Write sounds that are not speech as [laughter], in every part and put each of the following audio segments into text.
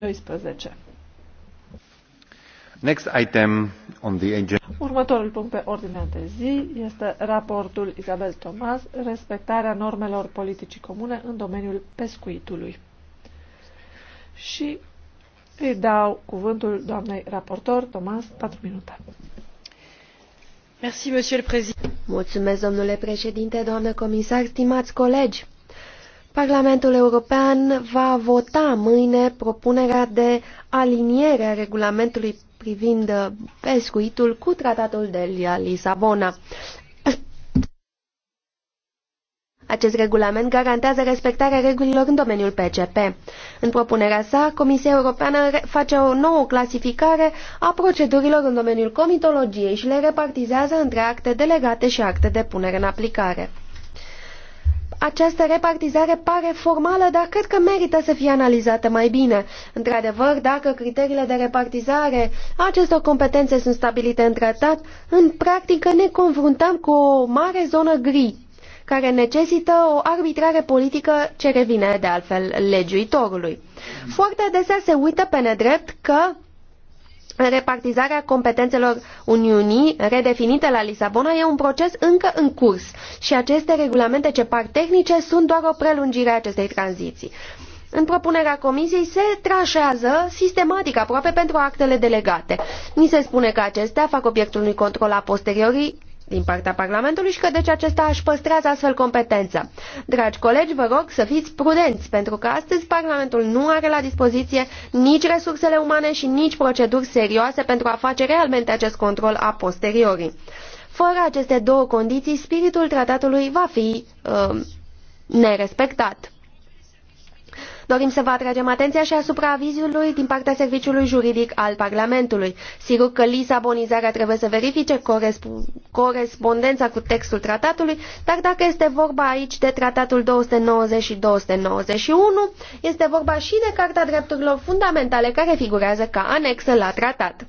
12. Next item on the agenda. Următorul punct pe ordinea de zi este raportul Isabel Tomas, respectarea normelor politicii comune în domeniul pescuitului. Și îi dau cuvântul doamnei raportor Tomas, 4 minute. Merci, Mulțumesc, domnule președinte, doamnă comisar, stimați colegi. Parlamentul European va vota mâine propunerea de aliniere a regulamentului privind uh, pescuitul cu tratatul de la Lisabona. Acest regulament garantează respectarea regulilor în domeniul PCP. În propunerea sa, Comisia Europeană face o nouă clasificare a procedurilor în domeniul comitologiei și le repartizează între acte delegate și acte de punere în aplicare. Această repartizare pare formală, dar cred că merită să fie analizată mai bine. Într-adevăr, dacă criteriile de repartizare a acestor competențe sunt stabilite în tratat, în practică ne confruntăm cu o mare zonă gri, care necesită o arbitrare politică ce revine de altfel legiuitorului. Foarte adesea se uită pe nedrept că Repartizarea competențelor Uniunii, redefinite la Lisabona, e un proces încă în curs și aceste regulamente ce par tehnice sunt doar o prelungire a acestei tranziții. În propunerea comisiei se trașează sistematic aproape pentru actele delegate. Ni se spune că acestea fac obiectul unui control a posteriori din partea Parlamentului și că deci acesta își păstrează astfel competența. Dragi colegi, vă rog să fiți prudenți, pentru că astăzi Parlamentul nu are la dispoziție nici resursele umane și nici proceduri serioase pentru a face realmente acest control a posteriori. Fără aceste două condiții, spiritul tratatului va fi uh, nerespectat. Dorim să vă atragem atenția și asupra avizului din partea Serviciului Juridic al Parlamentului. Sigur că lisabonizarea trebuie să verifice corespondența cu textul tratatului, dar dacă este vorba aici de tratatul 290 și 291, este vorba și de Carta Drepturilor Fundamentale care figurează ca anexă la tratat.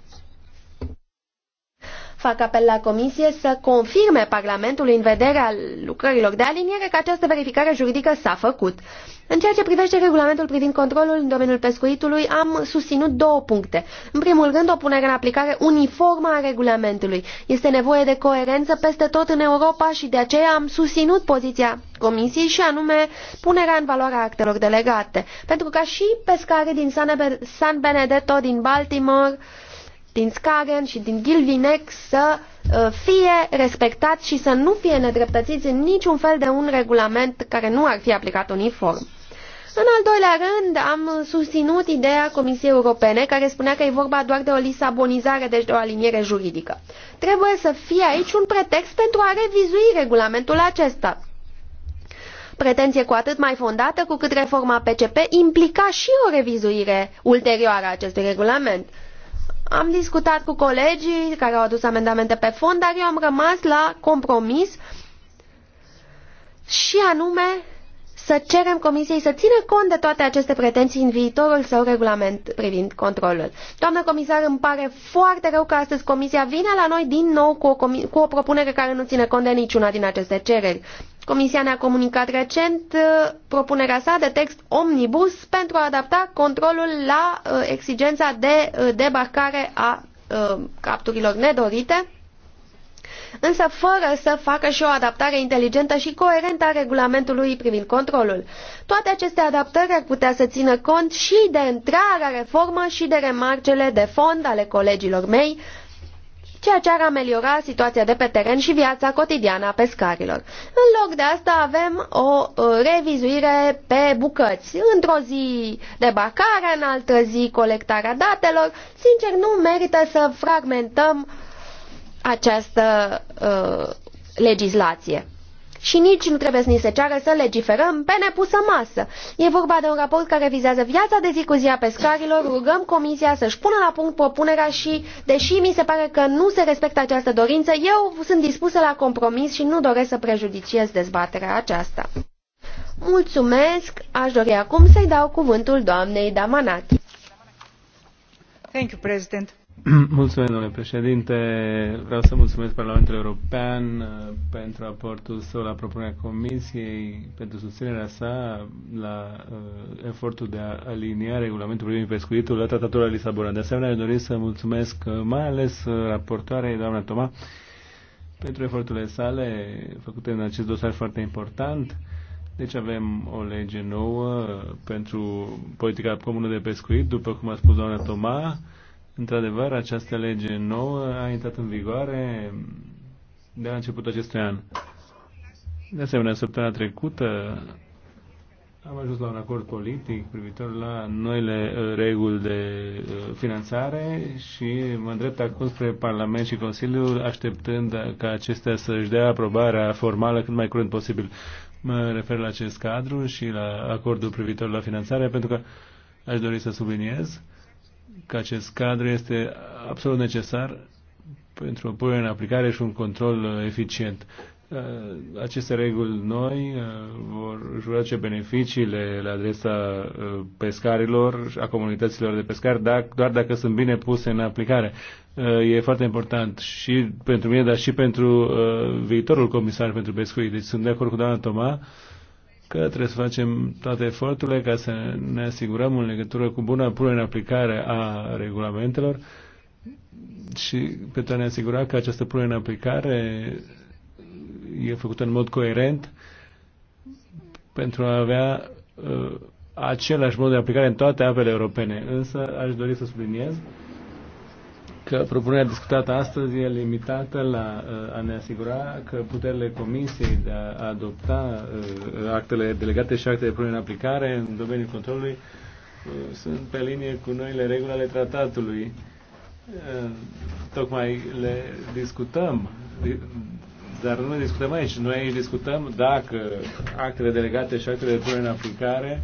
Fac apel la Comisie să confirme Parlamentului în vederea lucrărilor de aliniere că această verificare juridică s-a făcut. În ceea ce privește regulamentul privind controlul în domeniul pescuitului, am susținut două puncte. În primul rând, o punere în aplicare uniformă a regulamentului. Este nevoie de coerență peste tot în Europa și de aceea am susținut poziția Comisiei și anume punerea în valoare a actelor delegate. Pentru ca și pescarii din San Benedetto, din Baltimore, din Skagen și din Gilvinec să uh, fie respectați și să nu fie nedreptățiți în niciun fel de un regulament care nu ar fi aplicat uniform. În al doilea rând, am susținut ideea Comisiei Europene, care spunea că e vorba doar de o lisabonizare, deci de o aliniere juridică. Trebuie să fie aici un pretext pentru a revizui regulamentul acesta. Pretenție cu atât mai fondată cu cât reforma PCP implica și o revizuire ulterioară a acestui regulament. Am discutat cu colegii care au adus amendamente pe fond, dar eu am rămas la compromis și anume să cerem Comisiei să țină cont de toate aceste pretenții în viitorul său regulament privind controlul. Doamnă comisar, îmi pare foarte rău că astăzi Comisia vine la noi din nou cu o, cu o propunere care nu ține cont de niciuna din aceste cereri. Comisia ne-a comunicat recent uh, propunerea sa de text omnibus pentru a adapta controlul la uh, exigența de uh, debarcare a capturilor nedorite, însă fără să facă și o adaptare inteligentă și coerentă a regulamentului privind controlul. Toate aceste adaptări ar putea să țină cont și de întreaga reformă și de remarcele de fond ale colegilor mei ceea ce ar ameliora situația de pe teren și viața cotidiană a pescarilor. În loc de asta avem o uh, revizuire pe bucăți. Într-o zi debarcarea, în altă zi colectarea datelor. Sincer, nu merită să fragmentăm această uh, legislație și nici nu trebuie să ni se ceară să legiferăm pe nepusă masă. E vorba de un raport care vizează viața de zi cu zi a pescarilor, rugăm Comisia să-și pună la punct propunerea și, deși mi se pare că nu se respectă această dorință, eu sunt dispusă la compromis și nu doresc să prejudiciez dezbaterea aceasta. Mulțumesc! Aș dori acum să-i dau cuvântul doamnei Damanaki. Thank you, President [clears throat] Mulțumesc, domnule președinte. Vreau să mulțumesc Parlamentul European uh, pentru aportul său la propunerea Comisiei, pentru susținerea sa la uh, efortul de a alinia regulamentul privind pescuitul la Tratatul la Lisabona. De asemenea, doresc să mulțumesc uh, mai ales uh, raportoarei doamna Toma pentru eforturile sale făcute în acest dosar foarte important. Deci avem o lege nouă pentru politica comună de pescuit, după cum a spus doamna Toma Într-adevăr, această lege nouă a intrat în vigoare de la începutul acestui an. De asemenea, săptămâna trecută am ajuns la un acord politic privitor la noile uh, reguli de uh, finanțare și mă îndrept acum spre Parlament și Consiliu, așteptând ca acestea să-și dea aprobarea formală cât mai curând posibil. Mă refer la acest cadru și la acordul privitor la finanțare pentru că aș dori să subliniez că acest cadru este absolut necesar pentru o punere în aplicare și un control uh, eficient. Uh, aceste reguli noi uh, vor ce beneficiile la adresa pescarilor și a comunităților de pescari doar dacă sunt bine puse în aplicare. E foarte important și pentru mine, dar și pentru viitorul comisar pentru pescuit. Deci sunt de acord cu doamna Toma că trebuie să facem toate eforturile ca să ne asigurăm în legătură cu buna punere în aplicare a regulamentelor și pentru a ne asigura că această punere în aplicare e făcută în mod coerent pentru a avea uh, același mod de aplicare în toate apele europene. Însă aș dori să subliniez că propunerea discutată astăzi e limitată la uh, a ne asigura că puterile Comisiei de a adopta uh, actele delegate și actele de punere în aplicare în domeniul controlului uh, sunt pe linie cu noile reguli ale tratatului. Tocmai le discutăm, dar nu le discutăm aici. Noi aici discutăm dacă actele delegate și actele de punere în aplicare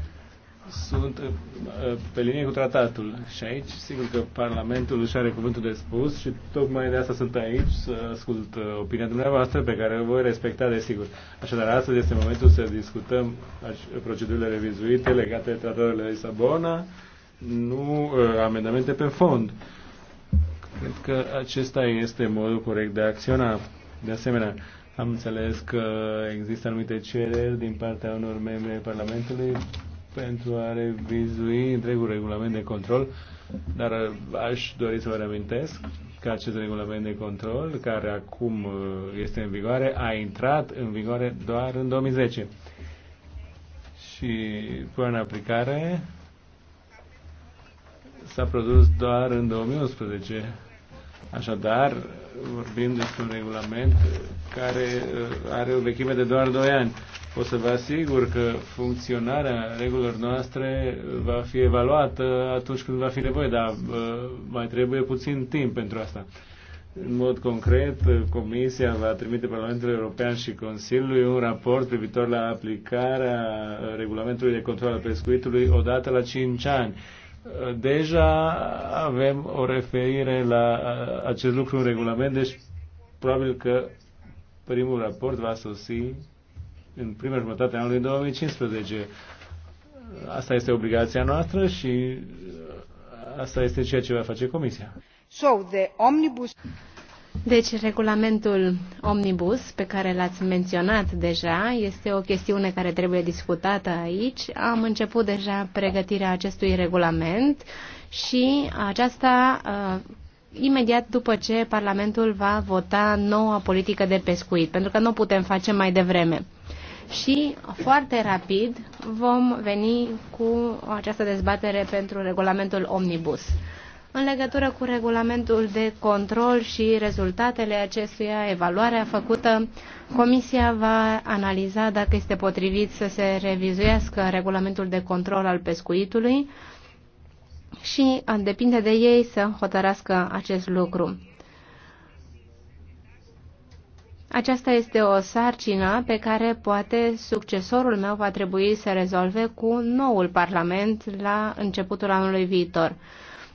sunt uh, uh, pe linie cu tratatul. Și aici, sigur că Parlamentul își are cuvântul de spus și tocmai de asta sunt aici să ascult uh, opinia dumneavoastră pe care o voi respecta, desigur. Așadar, astăzi este momentul să discutăm procedurile revizuite legate de tratatul de Lisabona, nu amendamente pe fond. Cred că acesta este modul corect de a acționa. De asemenea, am înțeles că există anumite cereri din partea unor membri ai Parlamentului pentru a revizui întregul regulament de control, dar uh, aș dori să vă reamintesc că acest regulament de control, care acum uh, este în vigoare, a intrat în vigoare doar în 2010. Și până în aplicare s-a produs doar în 2011. Așadar, vorbim despre un regulament care uh, are o vechime de doar 2 ani. O să vă asigur că funcționarea regulilor noastre uh, va fi evaluată atunci când va fi nevoie, dar uh, mai trebuie puțin timp pentru asta. În mod concret, Comisia va trimite Parlamentului European și Consiliului un raport privitor la aplicarea regulamentului de control al pescuitului odată la 5 ani. Deja avem o referire la acest lucru în regulament, deci probabil că Primul raport va sosi în prima jumătate a anului 2015. Asta este obligația noastră și uh, asta este ceea ce va face Comisia. So, the omnibus... Deci, regulamentul omnibus pe care l-ați menționat deja este o chestiune care trebuie discutată aici. Am început deja pregătirea acestui regulament și aceasta uh, imediat după ce Parlamentul va vota noua politică de pescuit, pentru că nu putem face mai devreme. Și foarte rapid vom veni cu această dezbatere pentru regulamentul Omnibus. În legătură cu regulamentul de control și rezultatele acestuia, evaluarea făcută, Comisia va analiza dacă este potrivit să se revizuiască regulamentul de control al pescuitului, și depinde de ei să hotărască acest lucru. Aceasta este o sarcină pe care poate succesorul meu va trebui să rezolve cu noul Parlament la începutul anului viitor.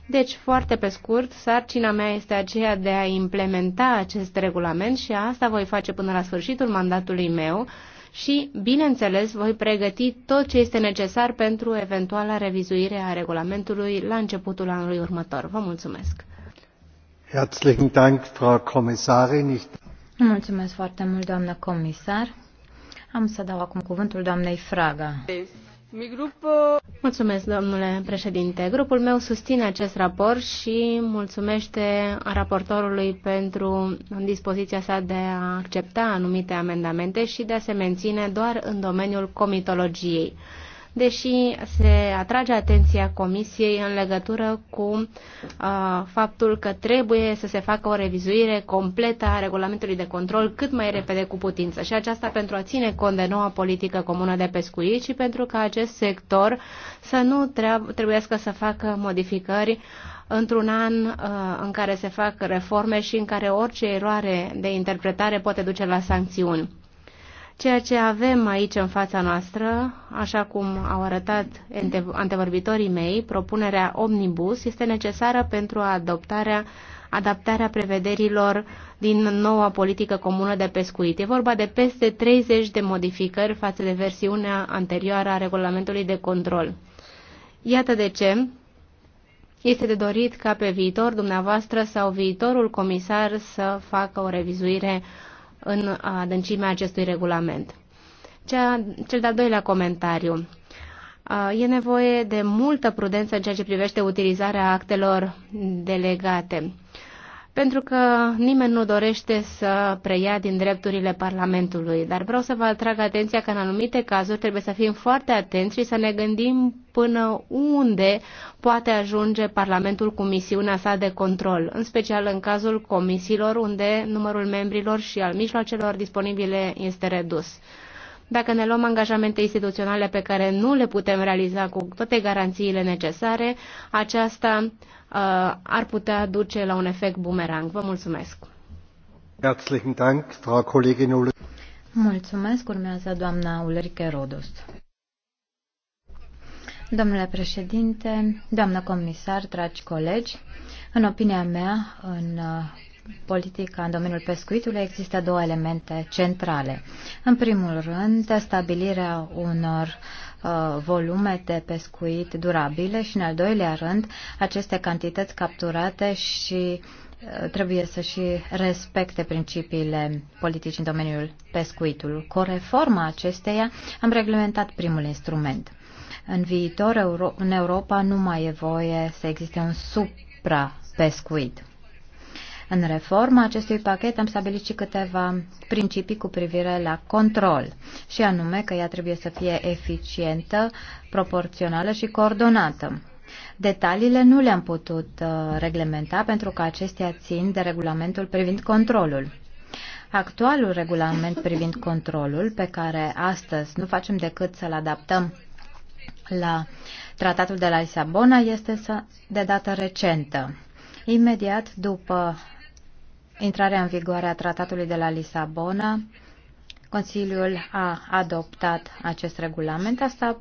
Deci, foarte pe scurt, sarcina mea este aceea de a implementa acest regulament și asta voi face până la sfârșitul mandatului meu, și, bineînțeles, voi pregăti tot ce este necesar pentru eventuala revizuire a regulamentului la începutul anului următor. Vă mulțumesc! Herzlichen Dank, Frau Kommissarin. Mulțumesc foarte mult, doamnă comisar. Am să dau acum cuvântul doamnei Fraga. Uh, Mulțumesc, domnule președinte. Grupul meu susține acest raport și mulțumește raportorului pentru dispoziția sa de a accepta anumite amendamente și de a se menține doar în domeniul comitologiei deși se atrage atenția Comisiei în legătură cu uh, faptul că trebuie să se facă o revizuire completă a regulamentului de control cât mai repede cu putință și aceasta pentru a ține cont de noua politică comună de pescuit și pentru ca acest sector să nu trebuiască să facă modificări într-un an uh, în care se fac reforme și în care orice eroare de interpretare poate duce la sancțiuni. Ceea ce avem aici în fața noastră, așa cum au arătat antevorbitorii mei, propunerea Omnibus este necesară pentru adoptarea, adaptarea prevederilor din noua politică comună de pescuit. E vorba de peste 30 de modificări față de versiunea anterioară a regulamentului de control. Iată de ce este de dorit ca pe viitor dumneavoastră sau viitorul comisar să facă o revizuire în adâncimea acestui regulament. Cea, cel de-al doilea comentariu. E nevoie de multă prudență în ceea ce privește utilizarea actelor delegate pentru că nimeni nu dorește să preia din drepturile Parlamentului. Dar vreau să vă atrag atenția că în anumite cazuri trebuie să fim foarte atenți și să ne gândim până unde poate ajunge Parlamentul cu misiunea sa de control, în special în cazul comisiilor unde numărul membrilor și al mijloacelor disponibile este redus. Dacă ne luăm angajamente instituționale pe care nu le putem realiza cu toate garanțiile necesare, aceasta Uh, ar putea duce la un efect bumerang. Vă mulțumesc! Herzlichen Dank, Frau Kollegin Ulrike. Mulțumesc, urmează doamna Ulrike Rodos. Domnule președinte, doamnă comisar, dragi colegi, în opinia mea, în uh, politica în domeniul pescuitului există două elemente centrale. În primul rând, stabilirea unor uh, Uh, volume de pescuit durabile și, în al doilea rând, aceste cantități capturate și uh, trebuie să și respecte principiile politici în domeniul pescuitului. Cu reforma acesteia am reglementat primul instrument. În viitor, în Europa, nu mai e voie să existe un supra-pescuit. În reforma acestui pachet am stabilit și câteva principii cu privire la control, și anume că ea trebuie să fie eficientă, proporțională și coordonată. Detaliile nu le-am putut uh, reglementa pentru că acestea țin de regulamentul privind controlul. Actualul regulament privind controlul, pe care astăzi nu facem decât să-l adaptăm la tratatul de la Lisabona, este de dată recentă. Imediat după intrarea în vigoare a tratatului de la Lisabona, Consiliul a adoptat acest regulament, asta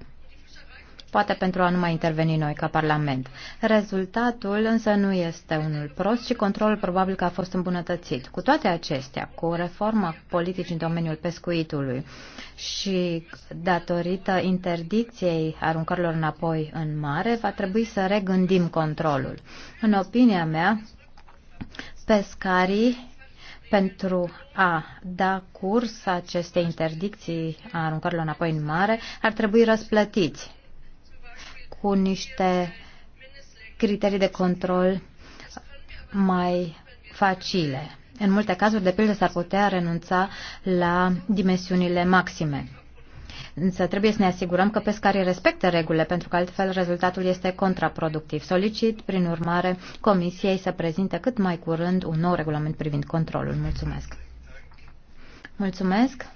poate pentru a nu mai interveni noi ca Parlament. Rezultatul însă nu este unul prost și controlul probabil că a fost îmbunătățit. Cu toate acestea, cu reforma politicii în domeniul pescuitului și datorită interdicției aruncărilor înapoi în mare, va trebui să regândim controlul. În opinia mea, pescarii pentru a da curs acestei interdicții a aruncărilor înapoi în mare ar trebui răsplătiți cu niște criterii de control mai facile. În multe cazuri, de pildă, s-ar putea renunța la dimensiunile maxime. Însă trebuie să ne asigurăm că pescarii respectă regulile, pentru că altfel rezultatul este contraproductiv. Solicit, prin urmare, Comisiei să prezinte cât mai curând un nou regulament privind controlul. Mulțumesc! Mulțumesc!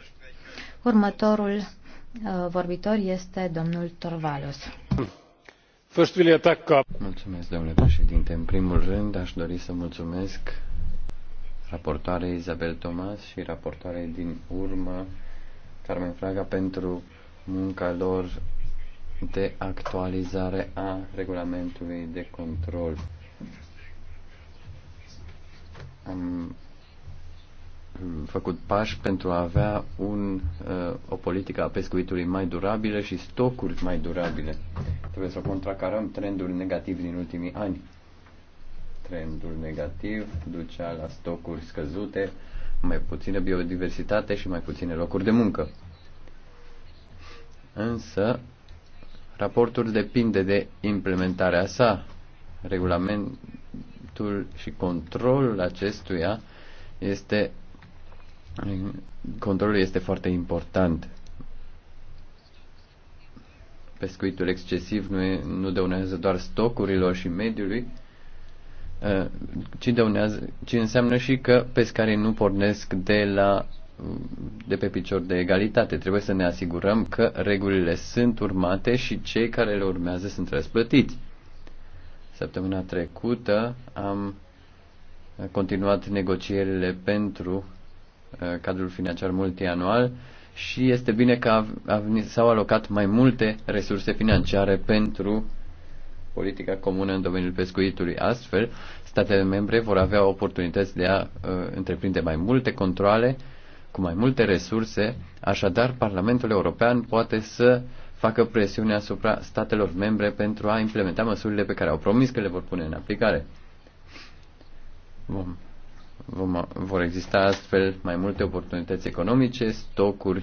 Următorul uh, vorbitor este domnul Torvalos. Mulțumesc, domnule președinte. În primul rând, aș dori să mulțumesc raportoarei Isabel Tomas și raportoarei din urmă Carmen Fraga pentru munca lor de actualizare a regulamentului de control. Am făcut pași pentru a avea un, uh, o politică a pescuitului mai durabilă și stocuri mai durabile. Trebuie să contracarăm trendul negativ din ultimii ani. Trendul negativ ducea la stocuri scăzute, mai puțină biodiversitate și mai puține locuri de muncă. Însă, raportul depinde de implementarea sa. Regulamentul și controlul acestuia este controlul este foarte important. Pescuitul excesiv nu, e, nu dăunează doar stocurilor și mediului, Uh, ci, dăunează, ci înseamnă și că pescarii nu pornesc de la mm, de pe picior de egalitate. Trebuie să ne asigurăm că regulile sunt urmate și cei care le urmează sunt răsplătiți. Săptămâna trecută am continuat negocierile pentru uh, cadrul financiar multianual și este bine că s-au alocat mai multe resurse financiare pentru politica comună în domeniul pescuitului. Astfel, statele membre vor avea oportunități de a uh, întreprinde mai multe controle cu mai multe resurse, așadar Parlamentul European poate să facă presiune asupra statelor membre pentru a implementa măsurile pe care au promis că le vor pune în aplicare. Vom, vom, vor exista astfel mai multe oportunități economice, stocuri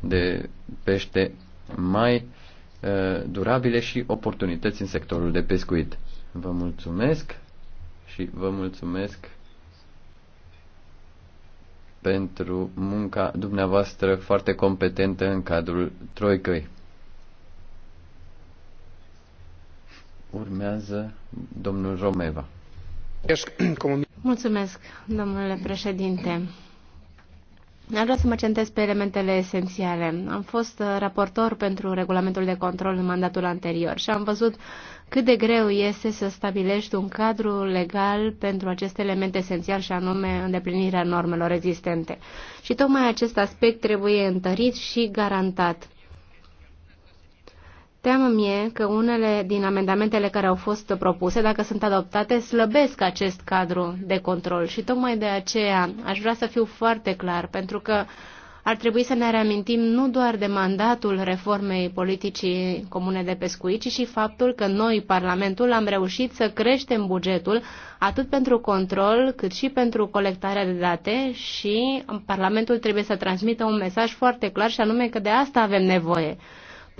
de pește mai Uh, durabile și oportunități în sectorul de pescuit. Vă mulțumesc și vă mulțumesc pentru munca dumneavoastră foarte competentă în cadrul Troicăi. Urmează domnul Romeva. Mulțumesc, domnule președinte. Aș vrea să mă centez pe elementele esențiale. Am fost uh, raportor pentru regulamentul de control în mandatul anterior și am văzut cât de greu este să stabilești un cadru legal pentru acest element esențial și anume îndeplinirea normelor existente. Și tocmai acest aspect trebuie întărit și garantat. Teamă mie că unele din amendamentele care au fost propuse, dacă sunt adoptate, slăbesc acest cadru de control și tocmai de aceea aș vrea să fiu foarte clar, pentru că ar trebui să ne reamintim nu doar de mandatul reformei politicii comune de pescuit, ci și faptul că noi, Parlamentul, am reușit să creștem bugetul atât pentru control cât și pentru colectarea de date și Parlamentul trebuie să transmită un mesaj foarte clar și anume că de asta avem nevoie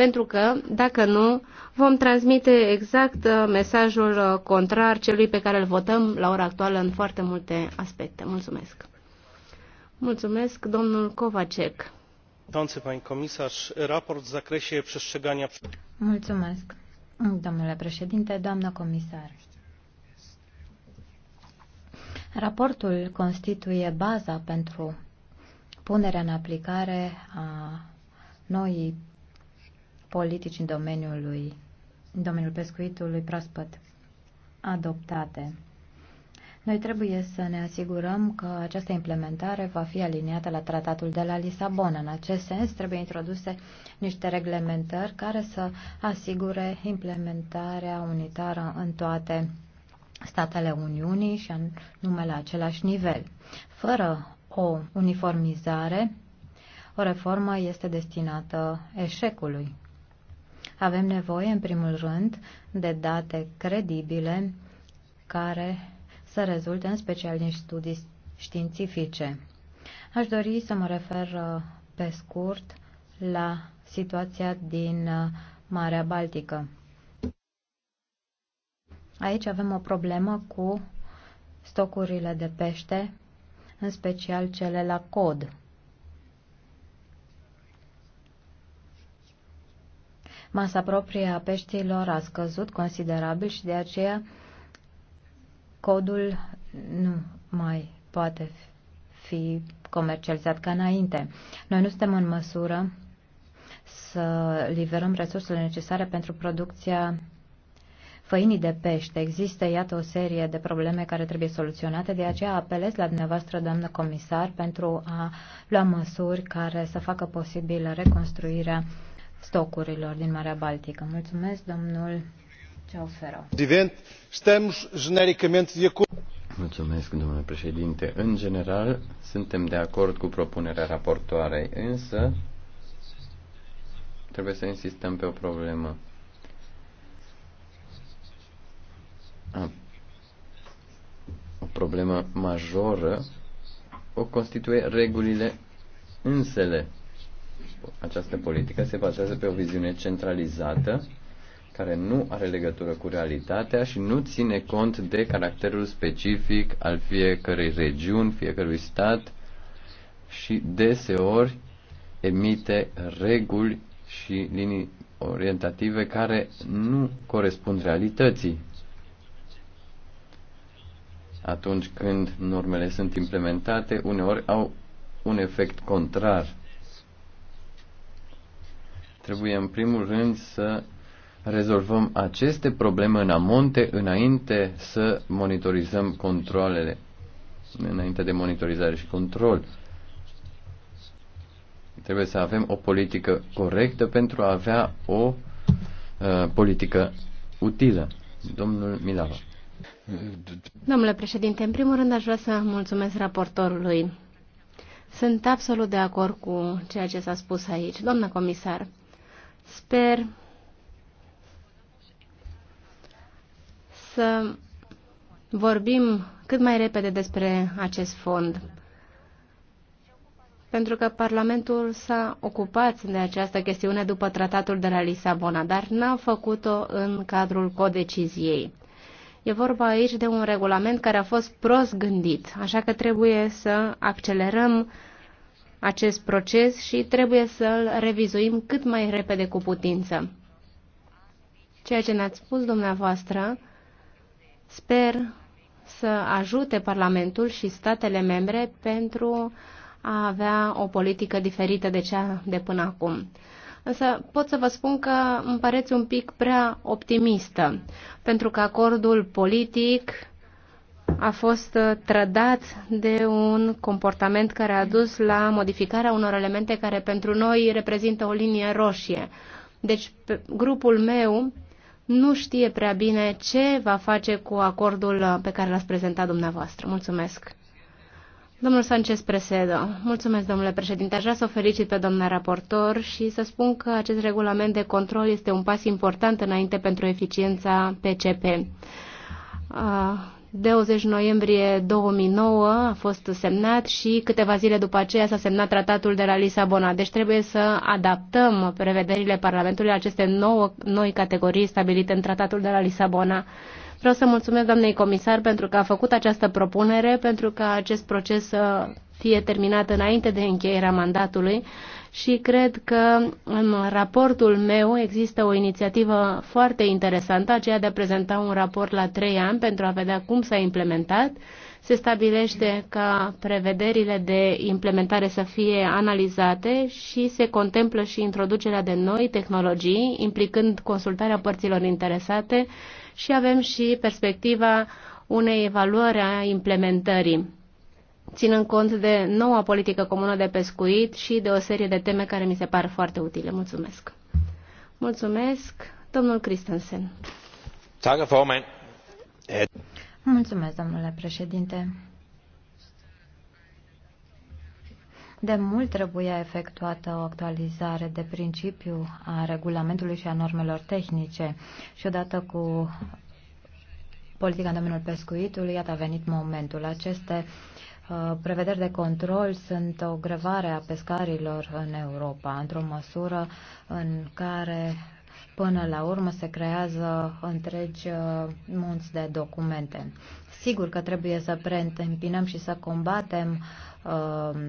pentru că, dacă nu, vom transmite exact uh, mesajul uh, contrar celui pe care îl votăm la ora actuală în foarte multe aspecte. Mulțumesc! Mulțumesc, domnul Kovacek. Mulțumesc, domnule președinte, doamnă comisar. Raportul constituie baza pentru punerea în aplicare a noii politici în domeniul, lui, în domeniul pescuitului proaspăt adoptate. Noi trebuie să ne asigurăm că această implementare va fi aliniată la tratatul de la Lisabona. În acest sens, trebuie introduse niște reglementări care să asigure implementarea unitară în toate statele Uniunii și anume la același nivel. Fără o uniformizare, o reformă este destinată eșecului. Avem nevoie, în primul rând, de date credibile care să rezulte în special din studii științifice. Aș dori să mă refer uh, pe scurt la situația din uh, Marea Baltică. Aici avem o problemă cu stocurile de pește, în special cele la cod. masa proprie a peștilor a scăzut considerabil și de aceea codul nu mai poate fi comercializat ca înainte. Noi nu suntem în măsură să livrăm resursele necesare pentru producția făinii de pește. Există, iată, o serie de probleme care trebuie soluționate, de aceea apelez la dumneavoastră, doamnă comisar, pentru a lua măsuri care să facă posibilă reconstruirea stocurilor din Marea Baltică. Mulțumesc, domnul acord. Mulțumesc, domnule președinte. În general, suntem de acord cu propunerea raportoarei, însă trebuie să insistăm pe o problemă. O problemă majoră o constituie regulile însele această politică se bazează pe o viziune centralizată care nu are legătură cu realitatea și nu ține cont de caracterul specific al fiecărei regiuni, fiecărui stat și deseori emite reguli și linii orientative care nu corespund realității. Atunci când normele sunt implementate, uneori au un efect contrar Trebuie în primul rând să rezolvăm aceste probleme în amonte înainte să monitorizăm controlele, înainte de monitorizare și control. Trebuie să avem o politică corectă pentru a avea o uh, politică utilă. Domnul Milava. Domnule președinte, în primul rând aș vrea să mulțumesc raportorului. Sunt absolut de acord cu ceea ce s-a spus aici. Doamnă comisar, Sper să vorbim cât mai repede despre acest fond, pentru că Parlamentul s-a ocupat de această chestiune după tratatul de la Lisabona, dar n-a făcut-o în cadrul codeciziei. E vorba aici de un regulament care a fost prost gândit, așa că trebuie să accelerăm acest proces și trebuie să-l revizuim cât mai repede cu putință. Ceea ce ne-ați spus dumneavoastră, sper să ajute Parlamentul și statele membre pentru a avea o politică diferită de cea de până acum. Însă pot să vă spun că îmi pareți un pic prea optimistă, pentru că acordul politic a fost uh, trădat de un comportament care a dus la modificarea unor elemente care pentru noi reprezintă o linie roșie. Deci grupul meu nu știe prea bine ce va face cu acordul uh, pe care l-ați prezentat dumneavoastră. Mulțumesc. Domnul Sanchez Presedo, mulțumesc, domnule președinte. Aș vrea să o felicit pe domnul raportor și să spun că acest regulament de control este un pas important înainte pentru eficiența PCP. 20 noiembrie 2009 a fost semnat și câteva zile după aceea s-a semnat tratatul de la Lisabona. Deci trebuie să adaptăm prevederile Parlamentului aceste nouă, noi categorii stabilite în tratatul de la Lisabona. Vreau să mulțumesc doamnei comisar pentru că a făcut această propunere, pentru că acest proces să fie terminat înainte de încheierea mandatului și cred că în raportul meu există o inițiativă foarte interesantă, aceea de a prezenta un raport la trei ani pentru a vedea cum s-a implementat. Se stabilește ca prevederile de implementare să fie analizate și se contemplă și introducerea de noi tehnologii, implicând consultarea părților interesate și avem și perspectiva unei evaluări a implementării ținând cont de noua politică comună de pescuit și de o serie de teme care mi se par foarte utile. Mulțumesc! Mulțumesc, domnul Christensen. Mulțumesc, domnule președinte. De mult trebuia efectuată o actualizare de principiu a regulamentului și a normelor tehnice și odată cu politica în domeniul pescuitului, iată a venit momentul. Aceste uh, Uh, prevederi de control sunt o grevare a pescarilor în Europa, într-o măsură în care până la urmă se creează întregi uh, munți de documente. Sigur că trebuie să preîntâmpinăm și să combatem uh,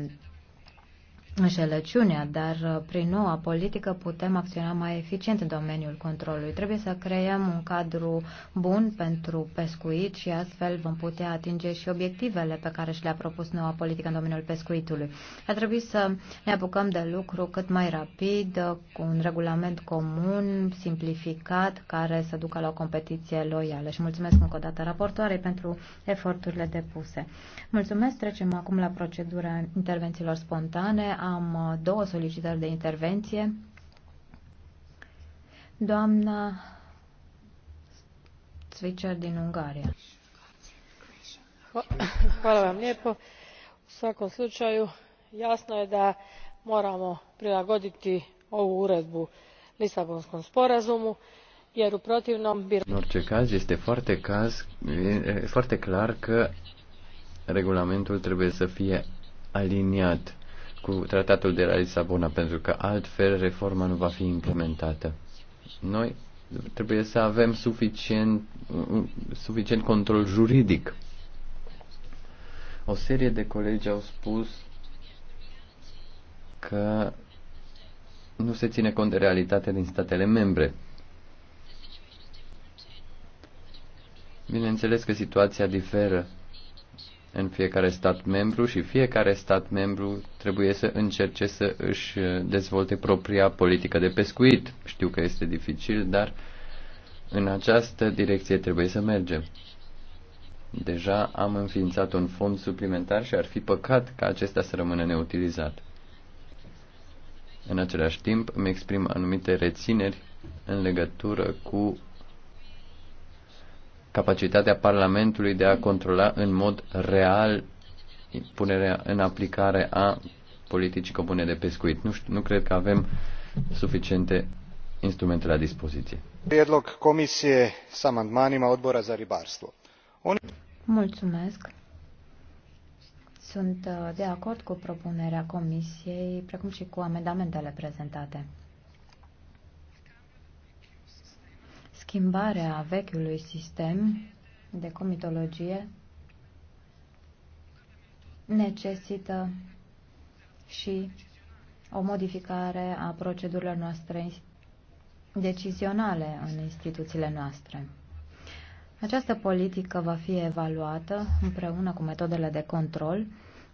înșelăciunea, dar uh, prin noua politică putem acționa mai eficient în domeniul controlului. Trebuie să creăm un cadru bun pentru pescuit și astfel vom putea atinge și obiectivele pe care și le-a propus noua politică în domeniul pescuitului. A trebuit să ne apucăm de lucru cât mai rapid, uh, cu un regulament comun, simplificat, care să ducă la o competiție loială. Și mulțumesc încă o dată raportoarei pentru eforturile depuse. Mulțumesc, trecem acum la procedura intervențiilor spontane am uh, două solicitări de intervenție. Doamna Svicer din Ungaria. Hvala vam lijepo. U svakom slučaju jasno je da moramo prilagoditi ovu uredbu Lisabonskom sporazumu jer u protivnom bi... În orice caz, este foarte, caz, foarte clar că regulamentul trebuie să fie aliniat cu tratatul de la Lisabona, pentru că altfel reforma nu va fi implementată. Noi trebuie să avem suficient, suficient control juridic. O serie de colegi au spus că nu se ține cont de realitatea din statele membre. Bineînțeles că situația diferă în fiecare stat membru și fiecare stat membru trebuie să încerce să își dezvolte propria politică de pescuit. Știu că este dificil, dar în această direcție trebuie să mergem. Deja am înființat un fond suplimentar și ar fi păcat ca acesta să rămână neutilizat. În același timp, îmi exprim anumite rețineri în legătură cu capacitatea Parlamentului de a controla în mod real punerea în aplicare a politicii comune de pescuit. Nu, știu, nu cred că avem suficiente instrumente la dispoziție. Priedlog Comisie s amandmanima odbora za ribarstvo. On... Mulțumesc. Sunt uh, de acord cu propunerea Comisiei, precum și cu amendamentele prezentate. schimbarea vechiului sistem de comitologie necesită și o modificare a procedurilor noastre decizionale în instituțiile noastre. Această politică va fi evaluată împreună cu metodele de control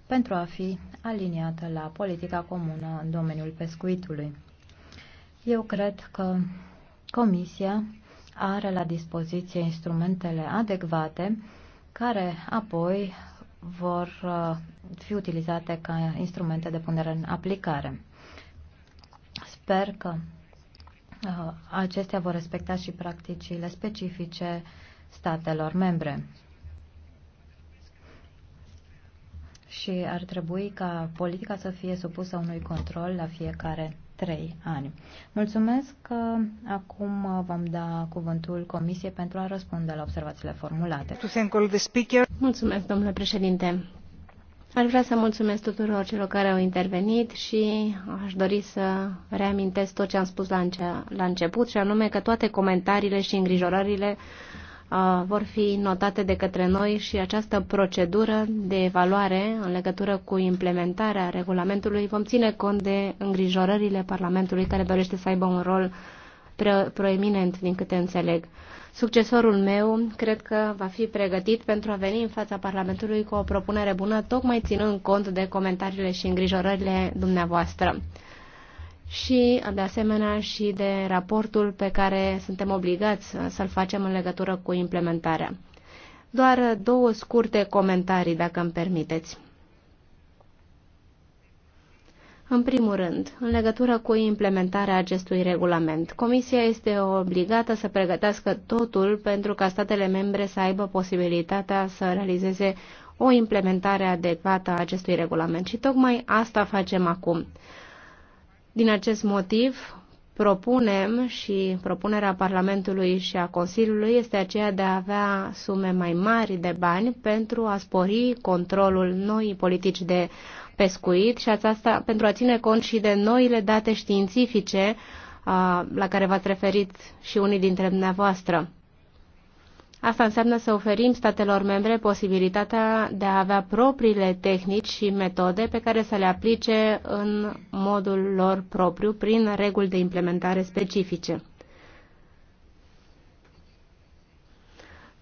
pentru a fi aliniată la politica comună în domeniul pescuitului. Eu cred că Comisia are la dispoziție instrumentele adecvate care apoi vor uh, fi utilizate ca instrumente de punere în aplicare. Sper că uh, acestea vor respecta și practicile specifice statelor membre. Și ar trebui ca politica să fie supusă unui control la fiecare trei ani. Mulțumesc că acum uh, vom da cuvântul Comisiei pentru a răspunde la observațiile formulate. Mulțumesc, domnule președinte. Aș vrea să mulțumesc tuturor celor care au intervenit și aș dori să reamintesc tot ce am spus la, înce- la început, și anume că toate comentariile și îngrijorările vor fi notate de către noi și această procedură de evaluare în legătură cu implementarea regulamentului vom ține cont de îngrijorările Parlamentului care dorește să aibă un rol proeminent, din câte înțeleg. Succesorul meu cred că va fi pregătit pentru a veni în fața Parlamentului cu o propunere bună, tocmai ținând cont de comentariile și îngrijorările dumneavoastră și, de asemenea, și de raportul pe care suntem obligați să-l facem în legătură cu implementarea. Doar două scurte comentarii, dacă îmi permiteți. În primul rând, în legătură cu implementarea acestui regulament, Comisia este obligată să pregătească totul pentru ca statele membre să aibă posibilitatea să realizeze o implementare adecvată a acestui regulament și tocmai asta facem acum. Din acest motiv, propunem și propunerea Parlamentului și a Consiliului este aceea de a avea sume mai mari de bani pentru a spori controlul noii politici de pescuit și aceasta pentru a ține cont și de noile date științifice la care v-ați referit și unii dintre dumneavoastră. Asta înseamnă să oferim statelor membre posibilitatea de a avea propriile tehnici și metode pe care să le aplice în modul lor propriu prin reguli de implementare specifice.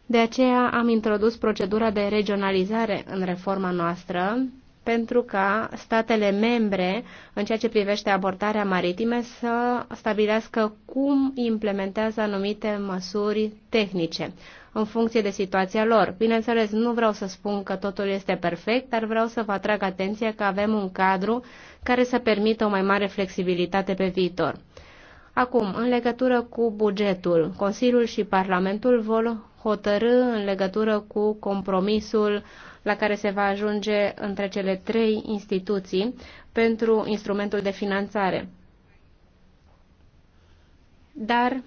De aceea am introdus procedura de regionalizare în reforma noastră pentru ca statele membre, în ceea ce privește abordarea maritime, să stabilească cum implementează anumite măsuri tehnice în funcție de situația lor. Bineînțeles, nu vreau să spun că totul este perfect, dar vreau să vă atrag atenția că avem un cadru care să permită o mai mare flexibilitate pe viitor. Acum, în legătură cu bugetul, Consiliul și Parlamentul vor hotărâ în legătură cu compromisul la care se va ajunge între cele trei instituții pentru instrumentul de finanțare. Dar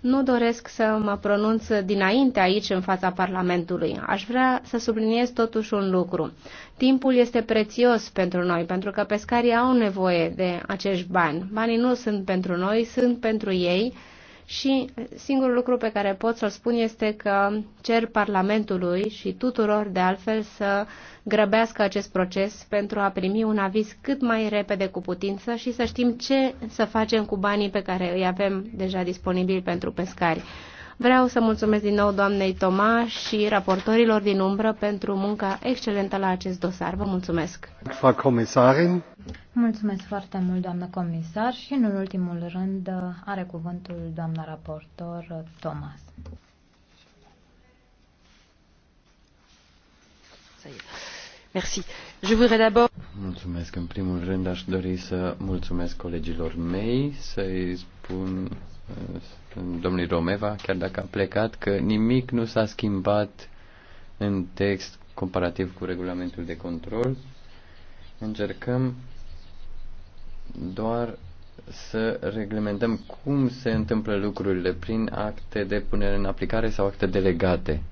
nu doresc să mă pronunț dinainte aici în fața Parlamentului. Aș vrea să subliniez totuși un lucru. Timpul este prețios pentru noi, pentru că pescarii au nevoie de acești bani. Banii nu sunt pentru noi, sunt pentru ei și singurul lucru pe care pot să-l spun este că cer Parlamentului și tuturor de altfel să grăbească acest proces pentru a primi un aviz cât mai repede cu putință și să știm ce să facem cu banii pe care îi avem deja disponibili pentru pescari. Vreau să mulțumesc din nou doamnei Toma și raportorilor din umbră pentru munca excelentă la acest dosar. Vă mulțumesc! Mulțumesc foarte mult, doamnă comisar, și în ultimul rând uh, are cuvântul doamna raportor uh, Thomas. Mulțumesc. În primul rând aș dori să mulțumesc colegilor mei, să-i spun domnului Romeva, chiar dacă a plecat, că nimic nu s-a schimbat în text comparativ cu regulamentul de control. Încercăm doar să reglementăm cum se întâmplă lucrurile prin acte de punere în aplicare sau acte delegate.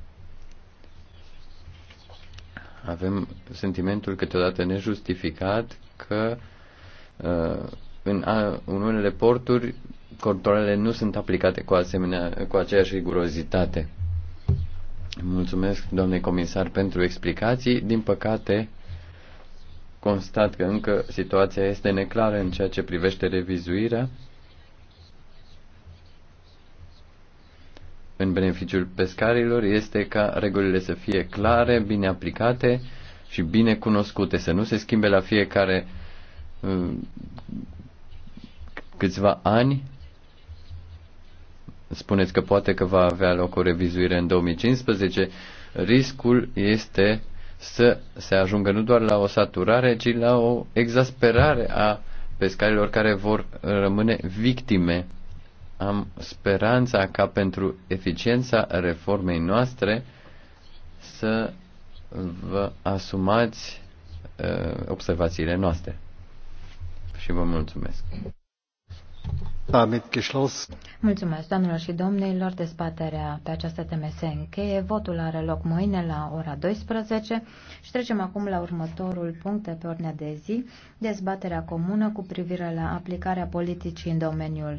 Avem sentimentul câteodată nejustificat că uh, în, a, în unele porturi controlele nu sunt aplicate cu, asemenea, cu aceeași rigurozitate. Mulțumesc, doamne comisar, pentru explicații. Din păcate, constat că încă situația este neclară în ceea ce privește revizuirea în beneficiul pescarilor este ca regulile să fie clare, bine aplicate și bine cunoscute, să nu se schimbe la fiecare uh, câțiva ani spuneți că poate că va avea loc o revizuire în 2015, riscul este să se ajungă nu doar la o saturare, ci la o exasperare a pescarilor care vor rămâne victime. Am speranța ca pentru eficiența reformei noastre să vă asumați uh, observațiile noastre. Și vă mulțumesc. Mulțumesc, doamnelor și domnilor. Dezbaterea pe această teme se încheie. Votul are loc mâine la ora 12 și trecem acum la următorul punct de pe ordinea de zi, dezbaterea comună cu privire la aplicarea politicii în domeniul